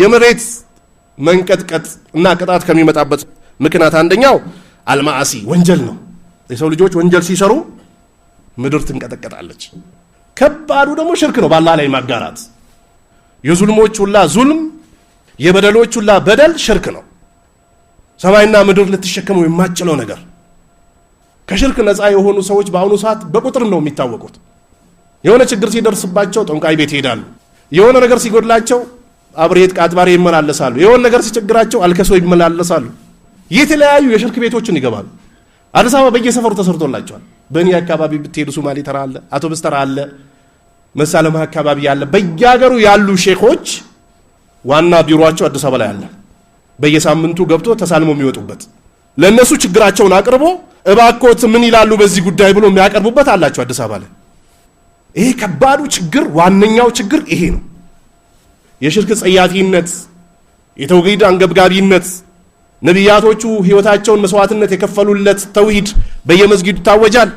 የመሬት መንቀጥቀጥ እና ቅጣት ከሚመጣበት ምክንያት አንደኛው አልማአሲ ወንጀል ነው። የሰው ልጆች ወንጀል ሲሰሩ ምድር ትንቀጠቀጣለች። ከባዱ ደግሞ ሽርክ ነው፣ በአላህ ላይ ማጋራት። የዙልሞች ሁላ ዙልም፣ የበደሎች ሁላ በደል ሽርክ ነው። ሰማይና ምድር ልትሸከመው የማችለው ነገር። ከሽርክ ነፃ የሆኑ ሰዎች በአሁኑ ሰዓት በቁጥር ነው የሚታወቁት። የሆነ ችግር ሲደርስባቸው ጠንቋይ ቤት ይሄዳሉ። የሆነ ነገር ሲጎድላቸው አብሬት ቃጥባሬ ይመላለሳሉ። የሆን ነገር ሲቸግራቸው አልከሶ ይመላለሳሉ። የተለያዩ የሽርክ ቤቶችን ይገባሉ። አዲስ አበባ በየሰፈሩ ተሰርቶላቸዋል። በእኔ አካባቢ ብትሄዱ ሱማሌ ተራ አለ፣ አቶ ተራ አለ፣ መሳለማ አካባቢ ያለ በየሀገሩ ያሉ ሼኮች ዋና ቢሮቸው አዲስ አበባ ላይ አለ። በየሳምንቱ ገብቶ ተሳልሞ የሚወጡበት ለእነሱ ችግራቸውን አቅርቦ እባኮት ምን ይላሉ በዚህ ጉዳይ ብሎ የሚያቀርቡበት አላቸው አዲስ አበባ ላይ። ይሄ ከባዱ ችግር ዋነኛው ችግር ይሄ ነው። የሽርክ ጸያፊነት፣ የተውሂድ አንገብጋቢነት ነቢያቶቹ ህይወታቸውን መስዋዕትነት የከፈሉለት ተውሂድ በየመስጊዱ ይታወጃል።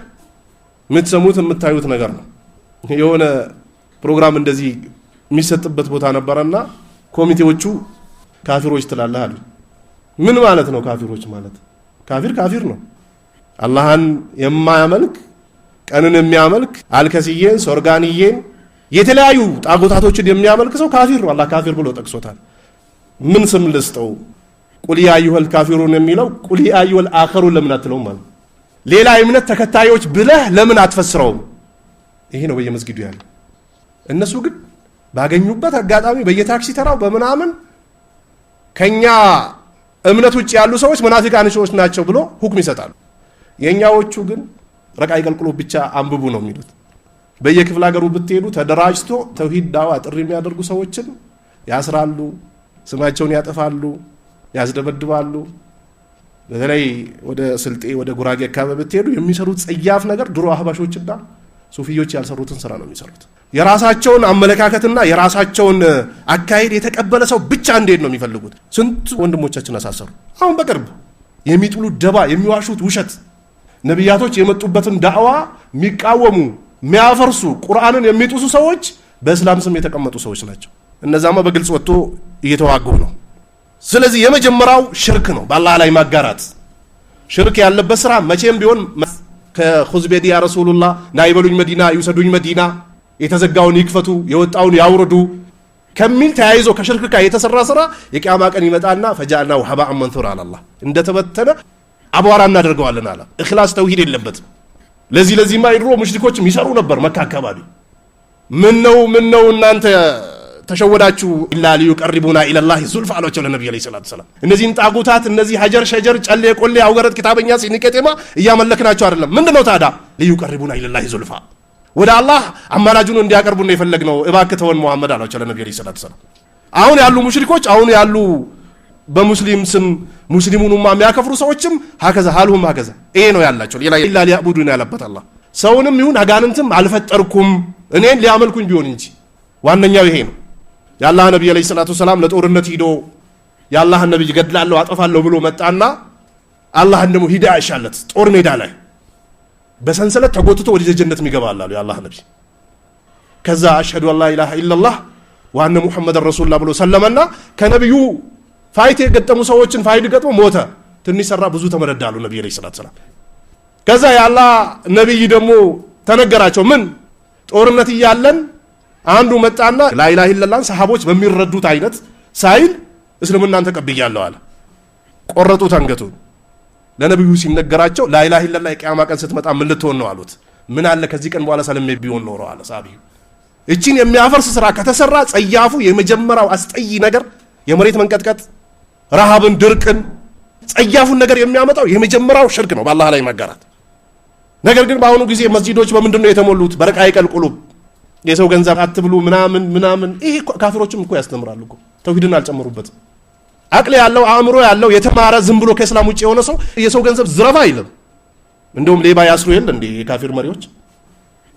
የምትሰሙት የምታዩት ነገር ነው። የሆነ ፕሮግራም እንደዚህ የሚሰጥበት ቦታ ነበረና ኮሚቴዎቹ ካፊሮች ትላለህ አሉ። ምን ማለት ነው ካፊሮች ማለት? ካፊር ካፊር ነው። አላህን የማያመልክ ቀንን የሚያመልክ አልከስዬን ሶርጋንዬን የተለያዩ ጣጎታቶችን የሚያመልክ ሰው ካፊር ነው። አላህ ካፊር ብሎ ጠቅሶታል። ምን ስም ልስጠው? ቁል ያ አዩሀል ካፊሩን የሚለው ቁል ያ አዩሀል አኸሩን ለምን አትለውም? አለ ሌላ እምነት ተከታዮች ብለህ ለምን አትፈስረውም? ይሄ ነው በየመስጊዱ ያለ። እነሱ ግን ባገኙበት አጋጣሚ በየታክሲ ተራው በምናምን ከኛ እምነት ውጭ ያሉ ሰዎች መናፊቃን ሰዎች ናቸው ብሎ ሁክም ይሰጣሉ። የእኛዎቹ ግን ረቃ ይቀልቅሎ ብቻ አንብቡ ነው የሚሉት። በየክፍለ ሀገሩ ብትሄዱ ተደራጅቶ ተውሂድ ዳዋ ጥሪ የሚያደርጉ ሰዎችን ያስራሉ፣ ስማቸውን ያጠፋሉ፣ ያስደበድባሉ። በተለይ ወደ ስልጤ ወደ ጉራጌ አካባቢ ብትሄዱ የሚሰሩት ጸያፍ ነገር ድሮ አህባሾችና ሱፊዮች ያልሰሩትን ስራ ነው የሚሰሩት። የራሳቸውን አመለካከትና የራሳቸውን አካሄድ የተቀበለ ሰው ብቻ እንዴት ነው የሚፈልጉት? ስንት ወንድሞቻችን አሳሰሩ። አሁን በቅርብ የሚጥሉት ደባ፣ የሚዋሹት ውሸት ነቢያቶች የመጡበትን ዳዕዋ የሚቃወሙ የሚያፈርሱ ቁርአንን የሚጥሱ ሰዎች በእስላም ስም የተቀመጡ ሰዎች ናቸው። እነዛማ በግልጽ ወጥቶ እየተዋጉ ነው። ስለዚህ የመጀመሪያው ሽርክ ነው፣ በአላህ ላይ ማጋራት። ሽርክ ያለበት ስራ መቼም ቢሆን ከሁዝቤድ ያ ረሱሉላህ ና መዲና ይውሰዱኝ፣ መዲና የተዘጋውን ይክፈቱ፣ የወጣውን ያውርዱ ከሚል ተያይዞ ከሽርክ ጋር የተሰራ ስራ የቅያማ ቀን ይመጣና ፈጃና ውሃባ አመንቱር አላላ እንደተበተነ አቧራ እናደርገዋለን አለ። እክላስ ተውሂድ የለበትም። ለዚህ ለዚህ የድሮ ሙሽሪኮችም ይሰሩ ነበር መካ አካባቢ። ምን ነው ምን ነው እናንተ ተሸወዳችሁ ኢላ ሊዩቀሪቡና ኢለላህ ዙልፍ አሏቸው ለነቢ ለ ሰላት ሰላም። እነዚህን ጣጉታት እነዚህ ሀጀር ሸጀር ጨሌ ቆሌ አውገረት ኪታበኛ ሲኒቄጤማ እያመለክናቸው አይደለም። ምንድን ነው ታዳ ሊዩቀሪቡና ኢለላህ ዙልፋ ወደ አላህ አማላጁን እንዲያቀርቡ ነው የፈለግነው። እባክህ ተወን አሏቸው ለነቢ ለ ሰላት ሰላም። አሁን ያሉ ሙሽሪኮች አሁን ያሉ በሙስሊም ስም ሙስሊሙንማ የሚያከፍሩ ሰዎችም ሀከዛ ሀልሁም ሀከዛ ይሄ ነው ያላቸው። ሌላ ላ ሊያቡዱን ያለበት አላህ ሰውንም ይሁን አጋንንትም አልፈጠርኩም እኔን ሊያመልኩኝ ቢሆን እንጂ ዋነኛው ይሄ ነው። የአላህ ነቢይ ዓለይሂ ሰላቱ ሰላም ለጦርነት ሂዶ የአላህን ነቢይ ገድላለሁ አጠፋለሁ ብሎ መጣና አላህን ደግሞ ሂዳ ያሻለት ጦር ሜዳ ላይ በሰንሰለት ተጎትቶ ወደ ጀነት የሚገባ አሉ የአላህ ነቢ። ከዛ አሽሀዱ አላ ኢላሃ ኢለላህ ዋነ ሙሐመድ ረሱሉላህ ብሎ ሰለመና ከነቢዩ ፋይት የገጠሙ ሰዎችን ፋይድ ገጥሞ ሞተ። ትንሽ ሰራ ብዙ ተመረዳ አሉ ነቢ ዓለይሂ ሰላቱ ሰላም። ከዛ የአላህ ነቢይ ደግሞ ተነገራቸው። ምን ጦርነት እያለን አንዱ መጣና ላይላ ኢለላህን ሰሃቦች በሚረዱት አይነት ሳይል እስልምናን ተቀብያለሁ አለ። ቆረጡት አንገቱን። ለነቢዩ ሲነገራቸው ላይላ ኢለላህ የቅያማ ቀን ስትመጣ ምን ልትሆን ነው አሉት። ምን አለ ከዚህ ቀን በኋላ ሰልሜ ቢሆን ኖሮ አለ ሳቢዩ። እቺን የሚያፈርስ ስራ ከተሰራ ጸያፉ የመጀመሪያው አስጠይ ነገር የመሬት መንቀጥቀጥ ረሃብን፣ ድርቅን፣ ጸያፉን ነገር የሚያመጣው የመጀመሪያው ሽርክ ነው በአላህ ላይ መጋራት። ነገር ግን በአሁኑ ጊዜ መስጂዶች በምንድን ነው የተሞሉት? በርቃ ይቀልቁሉብ የሰው ገንዘብ አትብሉ ምናምን ምናምን። ይሄ ካፊሮችም እኮ ያስተምራሉ እኮ ተውሂድን አልጨመሩበትም። አቅል ያለው አእምሮ ያለው የተማረ ዝም ብሎ ከእስላም ውጭ የሆነ ሰው የሰው ገንዘብ ዝረፋ አይልም። እንደውም ሌባ ያስሩ የለ እንዴ የካፊር መሪዎች፣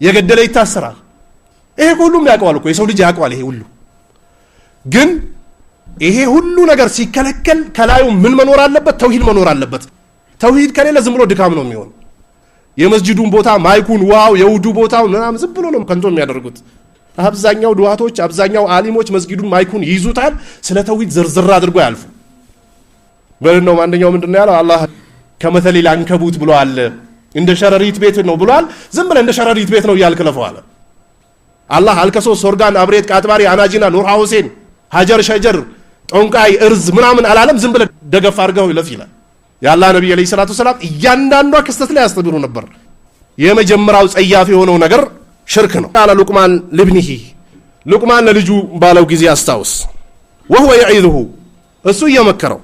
የገደለ ይታሰራል። ይሄ ሁሉም ያውቀዋል እኮ የሰው ልጅ ያውቀዋል። ይሄ ሁሉ ግን ይሄ ሁሉ ነገር ሲከለከል ከላዩ ምን መኖር አለበት? ተውሂድ መኖር አለበት። ተውሂድ ከሌለ ዝም ብሎ ድካም ነው የሚሆን። የመስጂዱን ቦታ ማይኩን፣ ውሃው፣ የውዱ ቦታው ምናምን ዝም ብሎ ነው ከንቶ የሚያደርጉት። አብዛኛው ድዋቶች፣ አብዛኛው አሊሞች መስጊዱን ማይኩን ይይዙታል። ስለ ተውሂድ ዝርዝር አድርጎ ያልፉ በል ነው። አንደኛው ምንድን ነው ያለው? አላህ ከመተሊ ላንከቡት ብሏል። እንደ ሸረሪት ቤት ነው ብሏል። ዝም ብለህ እንደ ሸረሪት ቤት ነው እያልክ ለፈዋለ አላህ አልከሶ፣ ሶርጋን፣ አብሬት፣ ቃጥባሪ፣ አናጂና፣ ኑርሃ ሁሴን፣ ሀጀር ሸጀር ጠንቋይ እርዝ ምናምን አላለም። ዝም ብለህ ደገፍ አድርገው ይለፍ ይላል። ያላ ነቢይ ዓለይሂ ሰላቱ ሰላም እያንዳንዷ ክስተት ላይ ያስተምሩ ነበር። የመጀመሪያው ጸያፍ የሆነው ነገር ሽርክ ነው። ቃለ ሉቅማን ልብኒሂ ሉቅማን ለልጁ ባለው ጊዜ አስታውስ፣ ወህወ የዒዝሁ እሱ እየመከረው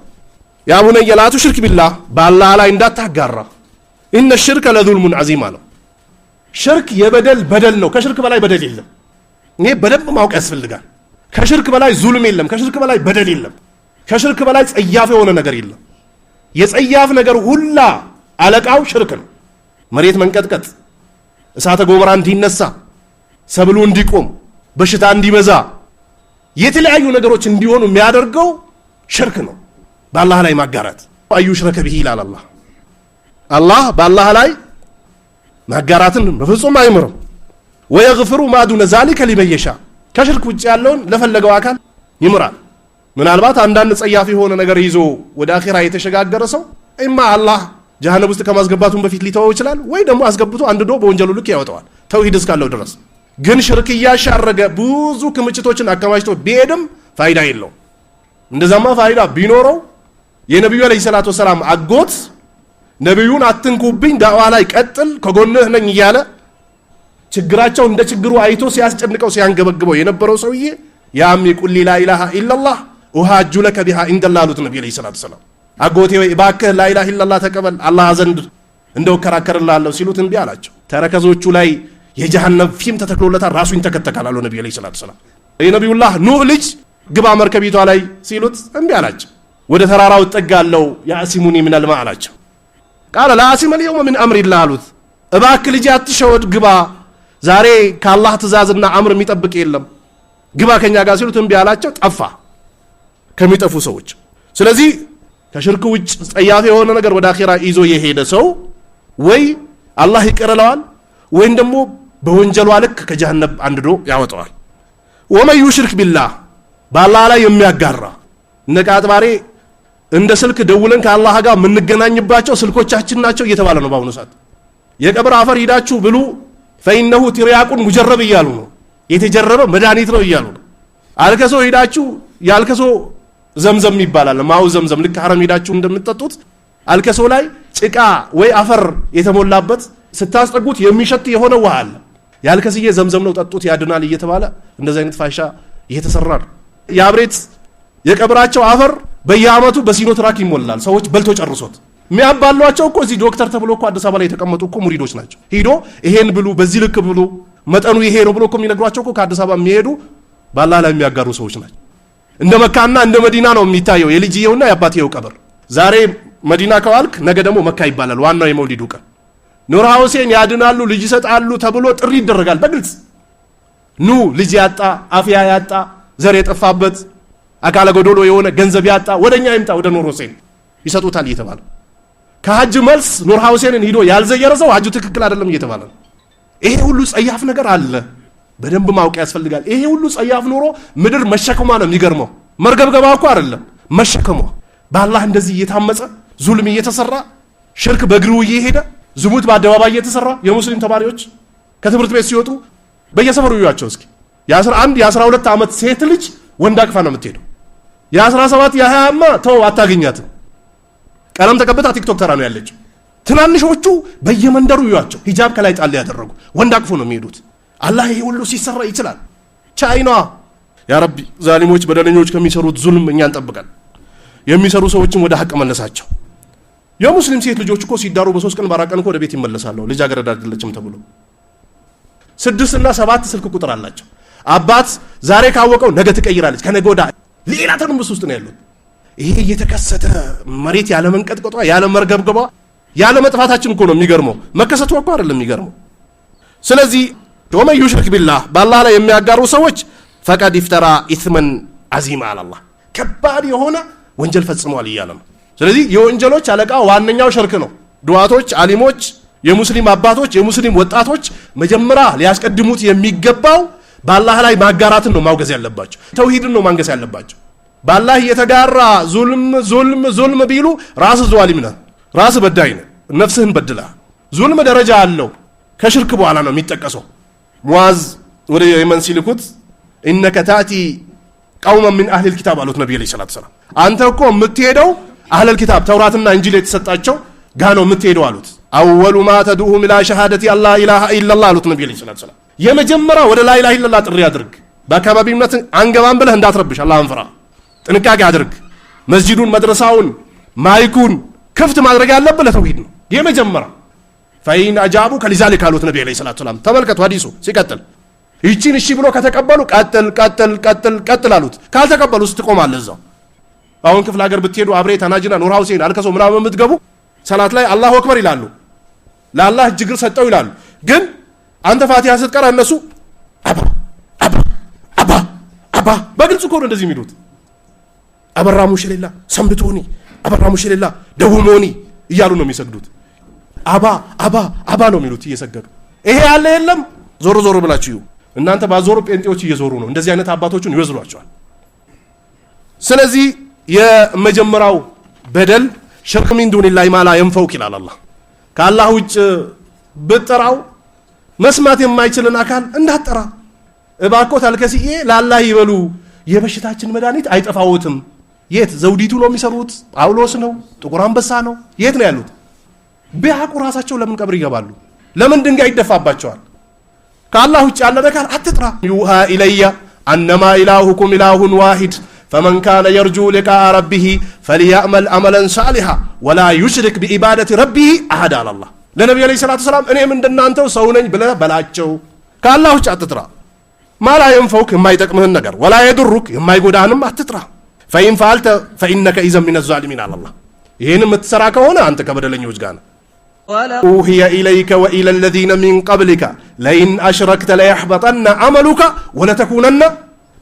የአቡነየ ላቱ ሽርክ ቢላህ በአላህ ላይ እንዳታጋራ፣ እነ ሽርከ ለዙልሙን ዓዚም አለው። ሽርክ የበደል በደል ነው። ከሽርክ በላይ በደል የለም። ይሄ በደንብ ማወቅ ያስፈልጋል። ከሽርክ በላይ ዙልም የለም። ከሽርክ በላይ በደል የለም። ከሽርክ በላይ ጸያፍ የሆነ ነገር የለም። የጸያፍ ነገር ሁላ አለቃው ሽርክ ነው። መሬት መንቀጥቀጥ፣ እሳተ ጎመራ እንዲነሳ፣ ሰብሉ እንዲቆም፣ በሽታ እንዲበዛ፣ የተለያዩ ነገሮች እንዲሆኑ የሚያደርገው ሽርክ ነው። በአላህ ላይ ማጋራት አዩ ሽረከ ብሂ ይላል አላህ። አላህ በአላህ ላይ ማጋራትን በፍጹም አይምርም። ወየግፍሩ ማዱነ ዛሊከ ሊመን ከሽርክ ውጭ ያለውን ለፈለገው አካል ይምራል። ምናልባት አንዳንድ ጸያፍ የሆነ ነገር ይዞ ወደ አኼራ የተሸጋገረ ሰው ኢማ አላህ ጀሃነም ውስጥ ከማስገባቱን በፊት ሊተወው ይችላል፣ ወይ ደግሞ አስገብቶ አንድዶ በወንጀሉ ልክ ያወጠዋል። ተውሂድ እስካለው ድረስ ግን ሽርክ እያሻረገ ብዙ ክምችቶችን አከማችቶ ቢሄድም ፋይዳ የለውም። እንደዛማ ፋይዳ ቢኖረው የነቢዩ ዓለይሂ ሰላቱ ወሰላም አጎት ነቢዩን አትንኩብኝ፣ ዳዕዋ ላይ ቀጥል፣ ከጎንህ ነኝ እያለ ችግራቸው እንደ ችግሩ አይቶ ሲያስጨንቀው ሲያንገበግበው የነበረው ሰውዬ ያም ቁሊ ላኢላሃ ኢላላህ ውሃጁ ለከ ቢሃ ኢንደላ አሉት ነቢ ዐለይሂ ሰላቱ ሰላም። አጎቴ ወይ እባክህ ላኢላሃ ኢላላህ ተቀበል አላህ ዘንድ እንደው ሲሉት እንቢ አላቸው። ተረከዞቹ ላይ የጀሃነም ፊም ተተክሎለታል። ራሱ ይንተከተካል አሉ ነቢ ዐለይሂ ሰላቱ ሰላም። የነቢዩላህ ኑህ ልጅ ግባ መርከቢቷ ላይ ሲሉት እምቢ አላቸው። ወደ ተራራው እጠጋለሁ ያእሲሙኒ ሚነልማ አላቸው። ቃለ ላአሲመ ልየውመ ምን አምሪላህ አሉት። እባክህ ልጅ አትሸወድ ግባ ዛሬ ከአላህ ትእዛዝና አምር የሚጠብቅ የለም። ግባ ከኛ ጋር ሲሉ ትንቢ አላቸው፣ ጠፋ ከሚጠፉ ሰዎች። ስለዚህ ከሽርክ ውጭ ጸያፍ የሆነ ነገር ወደ አኼራ ይዞ የሄደ ሰው ወይ አላህ ይቀርለዋል ወይም ደግሞ በወንጀሏ ልክ ከጀሃነብ አንድዶ ያወጠዋል። ወመን ዩሽርክ ቢላህ በአላህ ላይ የሚያጋራ ነቃ አጥባሬ እንደ ስልክ ደውለን ከአላህ ጋር የምንገናኝባቸው ስልኮቻችን ናቸው እየተባለ ነው በአሁኑ ሰዓት። የቀብር አፈር ሂዳችሁ ብሉ ፈኢነሁ ትሪያቁን ሙጀረብ እያሉ ነው። የተጀረበ መድኃኒት ነው እያሉ ነው። አልከሶ ሄዳችሁ የአልከሶ ዘምዘም ይባላል። ማው ዘምዘም ልክ ሐረም ሄዳችሁ እንደምትጠጡት አልከሶ ላይ ጭቃ ወይ አፈር የተሞላበት ስታስጠጉት የሚሸት የሆነ ውሃ አለ። የአልከስዬ ዘምዘም ነው ጠጡት ያድናል እየተባለ እንደዚህ አይነት ፋሻ እየተሰራ ነው። የአብሬት የቀብራቸው አፈር በየአመቱ በሲኖትራክ ይሞላል። ሰዎች በልቶ ጨርሶት የሚያባሏቸው እኮ እዚህ ዶክተር ተብሎ እኮ አዲስ አበባ ላይ የተቀመጡ እኮ ሙሪዶች ናቸው። ሂዶ ይሄን ብሉ፣ በዚህ ልክ ብሉ፣ መጠኑ ይሄ ነው ብሎ እኮ የሚነግሯቸው እኮ ከአዲስ አበባ የሚሄዱ ባላ ላይ የሚያጋሩ ሰዎች ናቸው። እንደ መካና እንደ መዲና ነው የሚታየው የልጅየውና የአባትየው ቀብር። ዛሬ መዲና ከዋልክ ነገ ደግሞ መካ ይባላል። ዋናው የመውሊዱ ቀን ኑር ሁሴን ያድናሉ ልጅ ይሰጣሉ ተብሎ ጥሪ ይደረጋል። በግልጽ ኑ ልጅ ያጣ አፍያ ያጣ ዘር የጠፋበት አካለ ጎዶሎ የሆነ ገንዘብ ያጣ ወደኛ ይምጣ ወደ ኑር ሁሴን ይሰጡታል እየተባለ ከሀጅ መልስ ኑር ሐውሴንን ሂዶ ያልዘየረ ሰው ሀጁ ትክክል አይደለም እየተባለ ነው። ይሄ ሁሉ ጸያፍ ነገር አለ፣ በደንብ ማወቅ ያስፈልጋል። ይሄ ሁሉ ጸያፍ ኑሮ ምድር መሸከሟ ነው የሚገርመው። መርገብገባ እኮ አይደለም መሸከሟ። በአላህ እንደዚህ እየታመፀ ዙልም እየተሰራ ሽርክ በእግሩ እየሄደ ዝሙት በአደባባይ እየተሰራ የሙስሊም ተማሪዎች ከትምህርት ቤት ሲወጡ በየሰፈሩ እዩዋቸው እስኪ የ11 የ12 ዓመት ሴት ልጅ ወንድ አቅፋ ነው የምትሄደው። የ17 የ20 ማ ተው አታገኛትም። ቀለም ተቀብታ ቲክቶክ ተራ ነው ያለችው። ትናንሾቹ በየመንደሩ ይዋቸው ሂጃብ ከላይ ጣል ያደረጉ ወንድ አቅፎ ነው የሚሄዱት። አላህ ይሄ ሁሉ ሲሰራ ይችላል። ቻይና ያ ረቢ ዛሊሞች በደለኞች ከሚሰሩት ዙልም እኛ ጠብቀን፣ የሚሰሩ ሰዎችም ወደ ሀቅ መለሳቸው። የሙስሊም ሴት ልጆች እኮ ሲዳሩ በሶስት ቀን በአራት ቀን እኮ ወደ ቤት ይመለሳለሁ ልጃገረድ አይደለችም ተብሎ ስድስት እና ሰባት ስልክ ቁጥር አላቸው። አባት ዛሬ ካወቀው ነገ ትቀይራለች። ከነገ ወዳ ሌላ ትርምስ ውስጥ ነው ያሉት። ይሄ እየተከሰተ መሬት ያለ መንቀጥቀጧ ያለ መርገብገቧ ያለ መጥፋታችን እኮ ነው የሚገርመው። መከሰቱ እኮ አይደለም የሚገርመው። ስለዚህ ወመን ዩሽሪክ ቢላህ በአላህ ላይ የሚያጋሩ ሰዎች ፈቀድ ይፍተራ ኢትመን አዚማ አላላህ ከባድ የሆነ ወንጀል ፈጽመዋል እያለ ነው። ስለዚህ የወንጀሎች አለቃ ዋነኛው ሽርክ ነው። ድዋቶች፣ አሊሞች፣ የሙስሊም አባቶች፣ የሙስሊም ወጣቶች መጀመሪያ ሊያስቀድሙት የሚገባው በአላህ ላይ ማጋራትን ነው ማውገዝ ያለባቸው። ተውሂድን ነው ማንገስ ያለባቸው። በአላህ የተጋራ ዙልም ዙልም ዙልም ቢሉ ራስ ዟሊም ነህ፣ ራስ በዳይ ነህ፣ ነፍስህን በድለሃል። ዙልም ደረጃ አለው። ከሽርክ በኋላ ነው የሚጠቀሰው። ሙዓዝ ወደ የመን ሲልኩት ኢነከ ታእቲ ቀውመን ሚን አህሊል ኪታብ አሉት ነቢዩ ዓለይሂ ሰላቱ ወሰላም። አንተ እኮ የምትሄደው አህለል ኪታብ ተውራትና እንጂል የተሰጣቸው ጋ ነው የምትሄደው አሉት። አወሉ ማ ተድሁም ኢላ ሸሃደቲ አላ ኢላሃ ኢለላህ አሉት ነቢዩ ዓለይሂ ሰላቱ ወሰላም። የመጀመሪያ ወደ ላኢላሃ ኢለላህ ጥሪ አድርግ። በአካባቢነት አንገባም ብለህ እንዳትረብሽ አላህን ፍራ። ጥንቃቄ አድርግ። መስጂዱን፣ መድረሳውን፣ ማይኩን ክፍት ማድረግ ያለብህ ለተውሂድ ነው። የመጀመሪያ ፈኢን አጃቡ ከሊዛሊ ካሉት ነቢ ዐለይሂ ሰላቱ ሰላም። ተመልከቱ ሀዲሱ ሲቀጥል ይቺን እሺ ብሎ ከተቀበሉ ቀጥል ቀጥል ቀጥል ቀጥል አሉት። ካልተቀበሉ ስትቆማለህ እዛው። አሁን ክፍለ ሀገር ብትሄዱ አብሬ፣ ተናጅና ኑር ሁሴን፣ አልከሶ ምናምን የምትገቡ ሰላት ላይ አላሁ አክበር ይላሉ። ለአላህ እጅግር ሰጠው ይላሉ። ግን አንተ ፋቲሃ ስትቀራ እነሱ አባ አባ አባ አባ በግልጽ እኮ ነው እንደዚህ የሚሉት አበራ ሙሽሌላ ሰንብቶኒ አበራ ሙሽሌላ ደውሞኒ እያሉ ነው የሚሰግዱት። አባ አባ አባ ነው የሚሉት እየሰገዱ። ይሄ ያለ የለም። ዞሮ ዞሮ ብላችሁ እናንተ ባዞሩ ጴንጤዎች እየዞሩ ነው። እንደዚህ አይነት አባቶችን ይወዝሏቸዋል። ስለዚህ የመጀመሪያው በደል ሽርክ ሚን ዱኒላሂ ማላ የንፈውክ ይላል አላህ። ከአላህ ውጭ ብጠራው መስማት የማይችልን አካል እንዳጠራ እባኮት ታልከስዬ ላላህ ይበሉ የበሽታችን መድኃኒት አይጠፋውትም የት ዘውዲቱ ነው የሚሰሩት? ጳውሎስ ነው? ጥቁር አንበሳ ነው? የት ነው ያሉት? ቢያቁ ራሳቸው ለምን ቀብር ይገባሉ? ለምን ድንጋይ ይደፋባቸዋል? ከአላህ ውጭ ያለ ነገር አትጥራ። ዩሃ ኢለያ አነማ ኢላሁኩም ኢላሁን ዋሂድ ፈመን ካነ የርጁ ሊቃአ ረቢህ ፈልያዕመል አመለን ሳሊሃ ወላ ዩሽሪክ ቢኢባደት ረቢህ አሃድ አላላህ ለነቢዩ ዐለይሂ ሰላቱ ሰላም እኔም እንደናንተው ሰው ነኝ ብለህ በላቸው። ከአላህ ውጭ አትጥራ። ማላ የንፈውክ የማይጠቅምህን ነገር፣ ወላ የድሩክ የማይጎዳንም አትጥራ። ፈኢን ፈአልተ ፈኢነከ ኢዘን ሚነ ዛሊሚን አለ ይህን የምትሰራ ከሆነ አንተ ከበደለኞች ጋር ነው። ኡህየ ኢለይከ ወኢለ ለዚነ ሚን ቀብሊከ ለኢን አሽረክተ ለያሕበጠነ አመሉከ ወለተኩነነ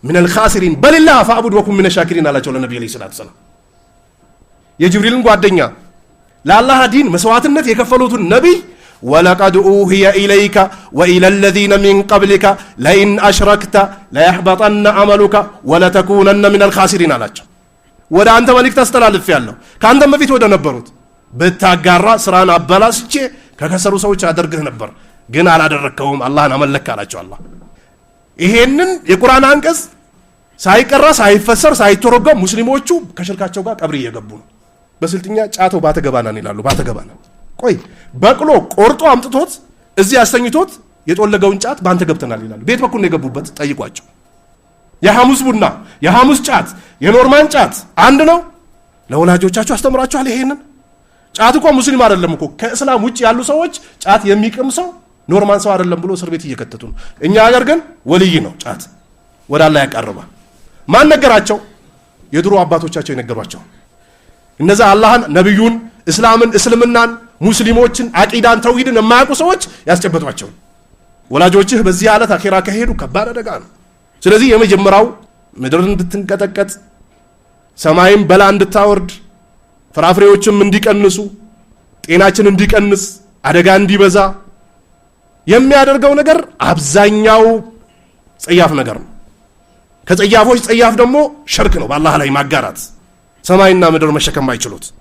ሚነል ኻሲሪን በልላህ ፈአቡድ ወኩን ሚነ ሻኪሪን አላቸው ለነቢ ዐለይሂ ሰላቱ ወሰላም። የጅብሪልን ጓደኛ ለአላህ ዲን መስዋዕትነት የከፈሉትን ነቢይ ወለቀድ ኡህየ ኢለይከ ወኢለ ለዚነ ሚን ቀብሊከ ለኢን አሽረክተ ለያሕበጠነ አመሉከ ወለተኩነነ ምን አልኻሲሪን አላቸው። ወደ አንተ መልእክት አስተላልፍ ያለሁ ከአንተም በፊት ወደ ነበሩት ብታጋራ ስራን አበላስቼ ከከሰሩ ሰዎች አደርግህ ነበር፣ ግን አላደረግከውም። አላህን አመለክ አላቸው። አላህ ይሄንን የቁርአን አንቀጽ ሳይቀራ ሳይፈሰር ሳይተረጎም ሙስሊሞቹ ከሽርካቸው ጋር ቀብር እየገቡ ነው። በስልጥኛ ጫቶ ባተገባናን ይላሉ። ባተገባናን ቆይ በቅሎ ቆርጦ አምጥቶት እዚህ ያሰኝቶት የጦለገውን ጫት በአንተ ገብተናል ይላሉ። ቤት በኩል ነው የገቡበት። ጠይቋቸው። የሐሙስ ቡና፣ የሐሙስ ጫት፣ የኖርማን ጫት አንድ ነው። ለወላጆቻችሁ አስተምራችኋል? ይሄንን ጫት እኮ ሙስሊም አይደለም እኮ ከእስላም ውጭ ያሉ ሰዎች ጫት የሚቅም ሰው ኖርማን ሰው አይደለም ብሎ እስር ቤት እየከተቱ ነው። እኛ ሀገር ግን ወልይ ነው ጫት ወደ አላህ ያቀርባል። ማን ነገራቸው? የድሮ አባቶቻቸው የነገሯቸው እነዛ አላህን፣ ነቢዩን፣ እስላምን፣ እስልምናን ሙስሊሞችን አቂዳን ተውሂድን የማያውቁ ሰዎች ያስጨበጧቸው። ወላጆችህ በዚህ ዓለት አኼራ ከሄዱ ከባድ አደጋ ነው። ስለዚህ የመጀመሪያው ምድር እንድትንቀጠቀጥ ሰማይም በላ እንድታወርድ ፍራፍሬዎችም እንዲቀንሱ ጤናችን እንዲቀንስ አደጋ እንዲበዛ የሚያደርገው ነገር አብዛኛው ጸያፍ ነገር ነው። ከጸያፎች ጸያፍ ደግሞ ሸርክ ነው፣ በአላህ ላይ ማጋራት ሰማይና ምድር መሸከም አይችሉት።